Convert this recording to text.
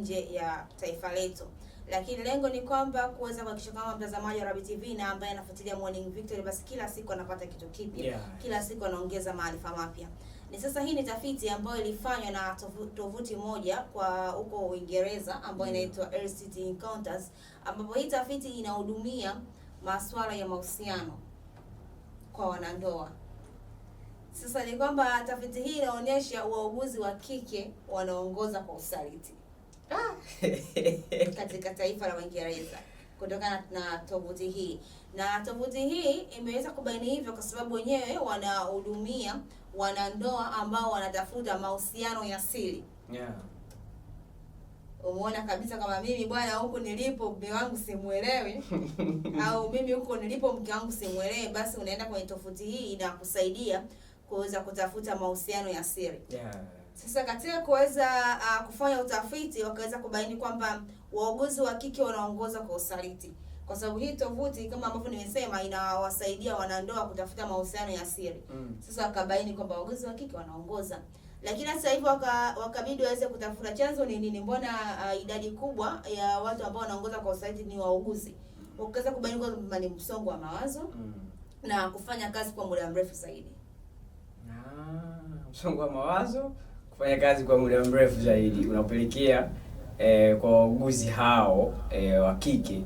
nje ya taifa letu, lakini lengo ni kwamba kuweza kuhakikisha kwamba mtazamaji wa Rabi TV na ambaye anafuatilia Morning Victory, basi kila siku anapata kitu kipya yeah. Kila siku anaongeza maarifa mapya. Ni sasa, hii ni tafiti ambayo ilifanywa na tovuti moja kwa huko Uingereza ambayo yeah, inaitwa LCT Encounters, ambapo hii tafiti inahudumia masuala ya mahusiano kwa wanandoa. Sasa ni kwamba tafiti hii inaonyesha wauguzi wa kike wanaongoza kwa usaliti. Ah. katika taifa la Uingereza kutokana na tovuti hii, na tovuti hii imeweza kubaini hivyo kwa sababu wenyewe wanahudumia wanandoa ambao wanatafuta mahusiano ya siri yeah. Umeona kabisa kama mimi bwana, huku nilipo mume wangu simuelewi, au mimi huko nilipo mke wangu simuelewi, basi unaenda kwenye tovuti hii inakusaidia kuweza kutafuta mahusiano ya siri yeah. Sasa katika kuweza uh, kufanya utafiti wakaweza kubaini kwamba wauguzi wa kike wanaongoza kwa usaliti, kwa sababu hii tovuti kama ambavyo nimesema inawasaidia wanandoa kutafuta mahusiano ya siri mm. Sasa wakabaini kwamba wauguzi wa kike wanaongoza, lakini hata hivyo wakabidi waweze kutafuta chanzo ni nini, mbona uh, idadi kubwa ya watu ambao wanaongoza kwa usaliti ni wauguzi. Wakaweza kubaini kwamba ni msongo wa mawazo mm. na kufanya kazi kwa muda mrefu zaidi. Ah, msongo wa mawazo kufanya kazi kwa muda mrefu zaidi unapelekea eh, kwa wauguzi hao eh, wa kike